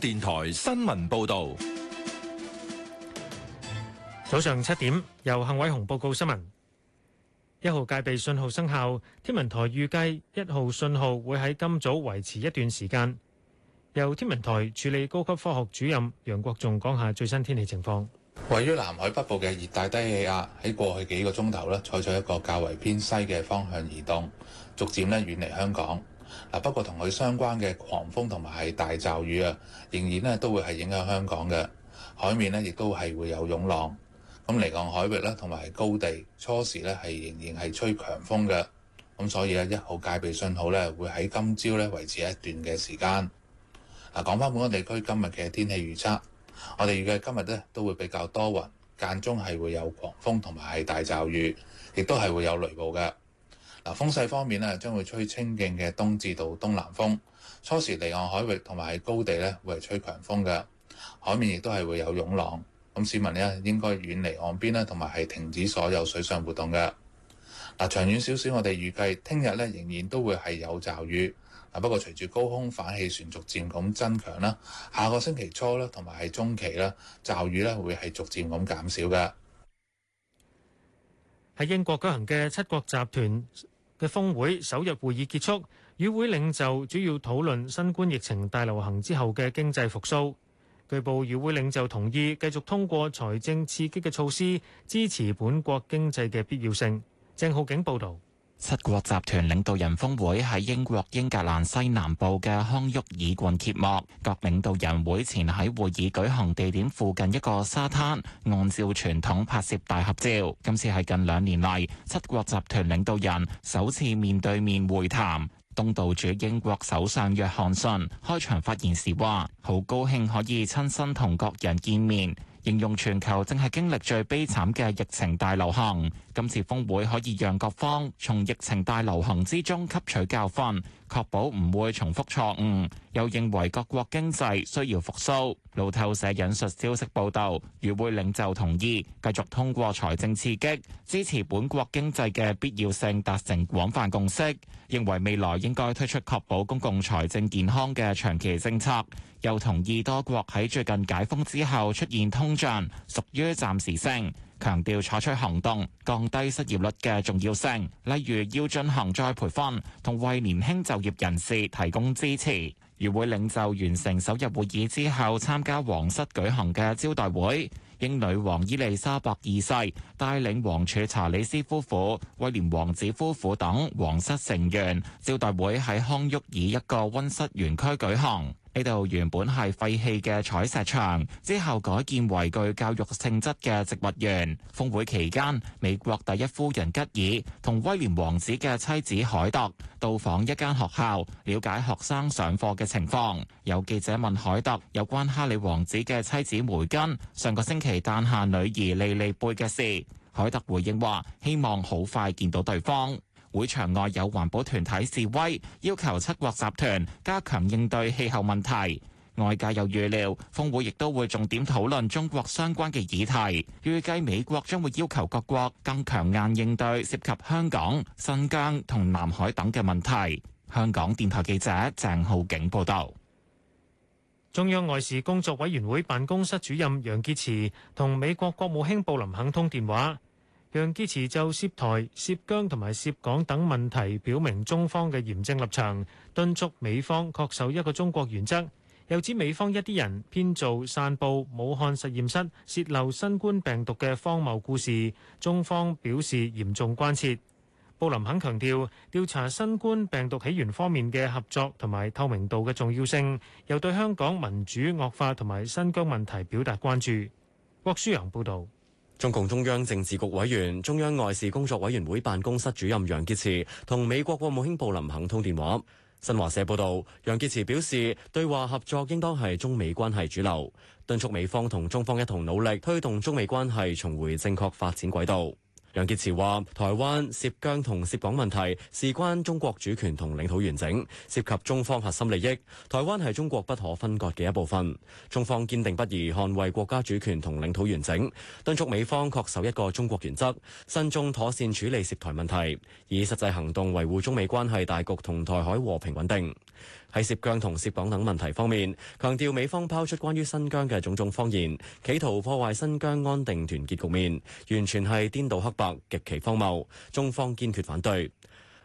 電台新聞報道，早上七點由幸偉雄報告新聞。一號戒備信號生效，天文台預計一號信號會喺今早維持一段時間。由天文台處理高級科學主任楊國仲講下最新天氣情況。位於南海北部嘅熱帶低氣壓喺過去幾個鐘頭咧，採取一個較為偏西嘅方向移動，逐漸咧遠離香港。不過同佢相關嘅狂風同埋係大驟雨啊，仍然咧都會係影響香港嘅海面咧，亦都係會有湧浪。咁離岸海域啦同埋係高地初時咧係仍然係吹強風嘅。咁所以咧一號戒備信號咧會喺今朝咧維持一段嘅時間。嗱，講返每個地區今日嘅天氣預測，我哋預計今日咧都會比較多雲，間中係會有狂風同埋係大驟雨，亦都係會有雷暴嘅。嗱，風勢方面咧，將會吹清勁嘅東至東南風，初時離岸海域同埋喺高地咧，會係吹強風嘅，海面亦都係會有湧浪。咁市民咧應該遠離岸邊咧，同埋係停止所有水上活動嘅。嗱，長遠少少，我哋預計聽日咧仍然都會係有驟雨。嗱，不過隨住高空反氣旋逐漸咁增強啦，下個星期初啦，同埋係中期啦，驟雨咧會係逐漸咁減少嘅。喺英國舉行嘅七國集團嘅峰會首日會議結束，與會領袖主要討論新冠疫情大流行之後嘅經濟復甦。據報與會領袖同意繼續通過財政刺激嘅措施，支持本國經濟嘅必要性。鄭浩景報道。七國集團領導人峰會喺英國英格蘭西南部嘅康沃爾郡揭幕，各領導人會前喺會議舉行地點附近一個沙灘，按照傳統拍攝大合照。今次係近兩年嚟七國集團領導人首次面對面會談。東道主英國首相約翰遜開場發言時話：好高興可以親身同各人見面。形容全球正係經歷最悲慘嘅疫情大流行，今次峰會可以讓各方從疫情大流行之中吸取教訓，確保唔會重複錯誤。又認為各國經濟需要復甦。路透社引述消息報道，與會領袖同意繼續通過財政刺激支持本國經濟嘅必要性，達成廣泛共識。認為未來應該推出確保公共財政健康嘅長期政策。又同意多國喺最近解封之後出現通。屬於暫時性，強調採取行動降低失業率嘅重要性，例如要進行再培訓同為年輕就業人士提供支持。與會領袖完成首日會議之後，參加皇室舉行嘅招待會，英女王伊麗莎白二世帶領王儲查理斯夫婦、威廉王子夫婦等皇室成員，招待會喺康沃爾一個溫室園區舉行。呢度原本係廢棄嘅採石場，之後改建為具教育性質嘅植物園。峰會期間，美國第一夫人吉爾同威廉王子嘅妻子凱特到訪一間學校，了解學生上課嘅情況。有記者問凱特有關哈里王子嘅妻子梅根上個星期誕下女兒莉莉貝嘅事，凱特回應話：希望好快見到對方。會場外有環保團體示威，要求七國集團加強應對氣候問題。外界又預料，峰會亦都會重點討論中國相關嘅議題。預計美國將會要求各國更強硬應對涉及香港、新疆同南海等嘅問題。香港電台記者鄭浩景報道。中央外事工作委員會辦公室主任楊潔篪同美國國務卿布林肯通電話。楊潔篪就涉台、涉疆同埋涉港等問題表明中方嘅嚴正立場，敦促美方恪守一個中國原則，又指美方一啲人編造散布武漢實驗室洩漏新冠病毒嘅荒謬故事，中方表示嚴重關切。布林肯強調調查新冠病毒起源方面嘅合作同埋透明度嘅重要性，又對香港民主惡化同埋新疆問題表達關注。郭書陽報道。中共中央政治局委員、中央外事工作委員會辦公室主任楊潔篪同美國國務卿布林肯通電話。新華社報道，楊潔篪表示，對話合作應當係中美關係主流，敦促美方同中方一同努力，推動中美關係重回正確發展軌道。楊潔篪話：台灣涉疆同涉港問題事關中國主權同領土完整，涉及中方核心利益。台灣係中國不可分割嘅一部分。中方堅定不移捍衛國家主權同領土完整，敦促美方恪守一個中國原則，慎重妥善處理涉台問題，以實際行動維護中美關係大局同台海和平穩定。喺涉疆同涉港等問題方面，強調美方拋出關於新疆嘅種種謊言，企圖破壞新疆安定團結局面，完全係顛倒黑，極其荒謬，中方堅決反對。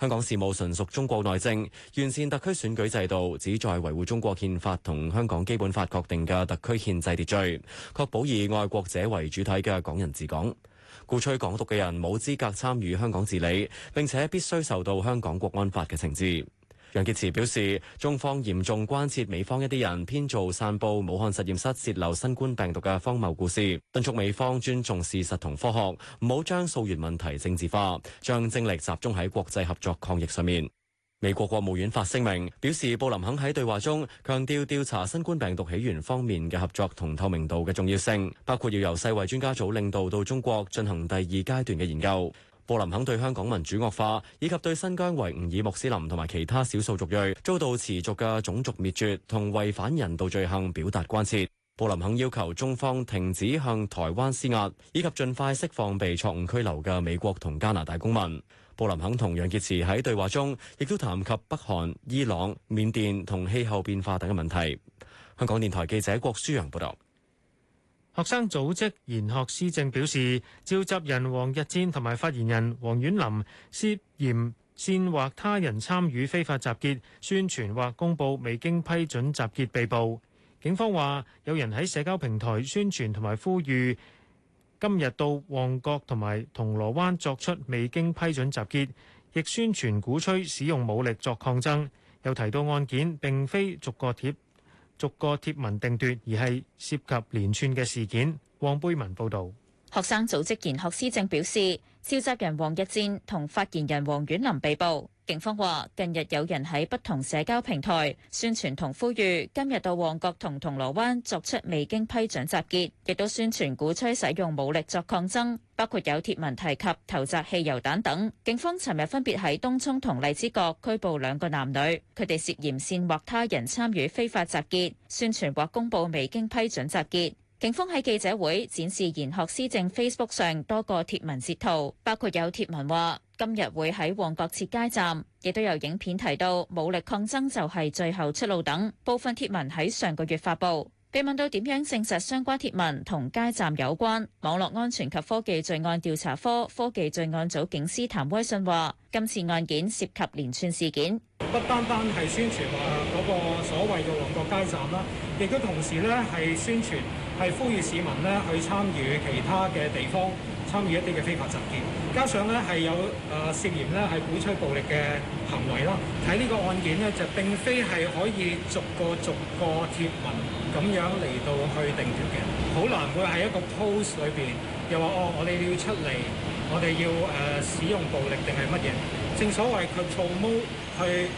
香港事務純屬中國內政，完善特區選舉制度旨在維護中國憲法同香港基本法確定嘅特區憲制秩序，確保以愛國者為主體嘅港人治港，鼓吹港獨嘅人冇資格參與香港治理，並且必須受到香港國安法嘅懲治。楊潔篪表示，中方嚴重關切美方一啲人編造散布武漢實驗室泄漏新冠病毒嘅荒謬故事，敦促美方尊重事實同科學，唔好將溯源問題政治化，將精力集中喺國際合作抗疫上面。美國國務院發聲明表示，布林肯喺對話中強調調查新冠病毒起源方面嘅合作同透明度嘅重要性，包括要由世衛專家組領導到中國進行第二階段嘅研究。布林肯對香港民主惡化以及對新疆維吾爾穆斯林同埋其他少數族裔，遭到持續嘅種族滅絕同違反人道罪行表達關切。布林肯要求中方停止向台灣施壓，以及盡快釋放被錯誤拘留嘅美國同加拿大公民。布林肯同楊潔篪喺對話中，亦都談及北韓、伊朗、緬甸同氣候變化等嘅問題。香港電台記者郭舒揚報道。學生組織賢學思政表示，召集人王逸戰同埋發言人黃沅琳涉嫌煽惑他人參與非法集結、宣傳或公佈未經批准集結被捕。警方話，有人喺社交平台宣傳同埋呼籲今日到旺角同埋銅鑼灣作出未經批准集結，亦宣傳鼓吹使用武力作抗爭，又提到案件並非逐個貼逐個貼文定奪，而係涉及連串嘅事件。黃貝文報導，學生組織賢學思政表示，召集人王逸戰同發言人黃沅琳被捕。警方話：近日有人喺不同社交平台宣傳同呼籲，今日到旺角同銅鑼灣作出未經批准集結，亦都宣傳鼓吹使用武力作抗爭，包括有貼文提及投擲汽油彈等。警方尋日分別喺東涌同荔枝角拘捕兩個男女，佢哋涉嫌煽惑他人參與非法集結、宣傳或公佈未經批准集結。警方喺記者會展示《賢學思政 Facebook》上多個貼文截圖，包括有貼文話今日會喺旺角設街站，亦都有影片提到武力抗爭就係最後出路等。部分貼文喺上個月發布。被問到點樣證實相關貼文同街站有關，網絡安全及科技罪案調查科科技罪案組警司譚威信話：今次案件涉及連串事件，不單單係宣傳話。個所謂嘅旺角街站啦，亦都同時咧係宣傳，係呼籲市民咧去參與其他嘅地方參與一啲嘅非法集結，加上咧係有誒、呃、涉嫌咧係鼓吹暴力嘅行為啦。睇呢個案件咧就並非係可以逐個逐個貼文咁樣嚟到去定奪嘅，好難會喺一個 post 裏邊又話哦，我哋要出嚟，我哋要誒、呃、使用暴力定係乜嘢？正所謂佢造毛去。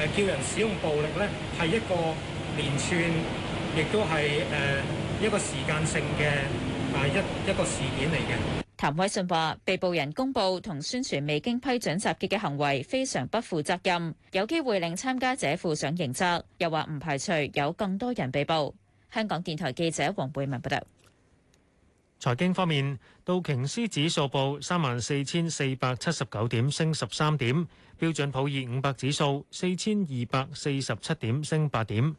誒叫人使用暴力咧，係一個連串，亦都係誒、呃、一個時間性嘅啊、呃、一一個事件嚟嘅。譚偉信話：被捕人公佈同宣傳未經批准集結嘅行為非常不負責任，有機會令參加者負上刑責。又話唔排除有更多人被捕。香港電台記者黃貝文報道。財經方面，道瓊斯指數報三萬四千四百七十九點，升十三點；標準普爾五百指數四千二百四十七點，升八點。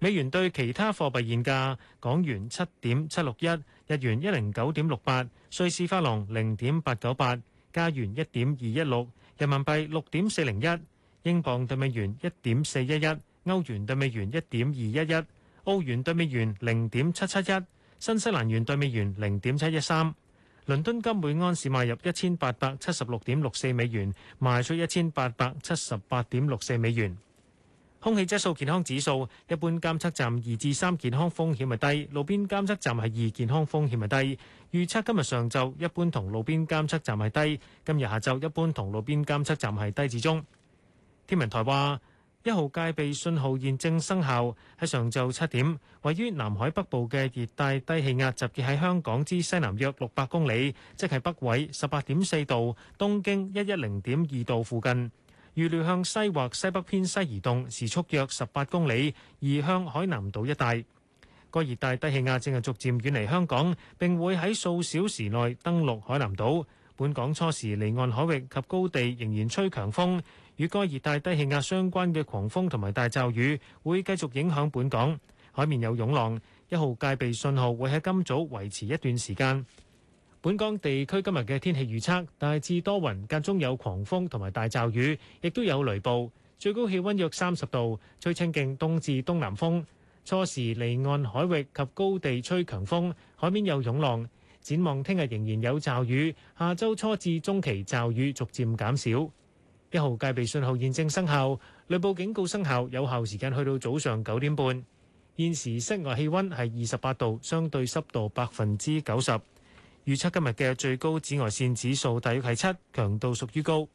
美元對其他貨幣現價：港元七點七六一，日元一零九點六八，瑞士法郎零點八九八，加元一點二一六，人民幣六點四零一，英鎊對美元一點四一一，歐元對美元一點二一一，澳元對美元零點七七一。新西蘭元兌美元零點七一三，倫敦金每安士買入一千八百七十六點六四美元，賣出一千八百七十八點六四美元。空氣質素健康指數，一般監測站二至三健康風險係低，路邊監測站係二健康風險係低。預測今日上晝一般同路邊監測站係低，今日下晝一般同路邊監測站係低至中。天文台話。一號戒備信號現正生效。喺上晝七點，位於南海北部嘅熱帶低氣壓集結喺香港之西南約六百公里，即係北緯十八點四度、東經一一零點二度附近。預料向西或西北偏西移動，時速約十八公里，移向海南島一帶。個熱帶低氣壓正係逐漸遠離香港，並會喺數小時內登陸海南島。本港初時離岸海域及高地仍然吹強風。與該熱帶低氣壓相關嘅狂風同埋大驟雨會繼續影響本港，海面有湧浪，一號戒備信號會喺今早維持一段時間。本港地區今日嘅天氣預測大致多雲，間中有狂風同埋大驟雨，亦都有雷暴，最高氣溫約三十度，吹清勁東至東南風。初時離岸海域及高地吹強風，海面有湧浪。展望聽日仍然有驟雨，下周初至中期驟雨逐漸減少。一號戒備信號現正生效，雷暴警告生效，有效時間去到早上九點半。現時室外氣溫係二十八度，相對濕度百分之九十。預測今日嘅最高紫外線指數大約係七，強度屬於高。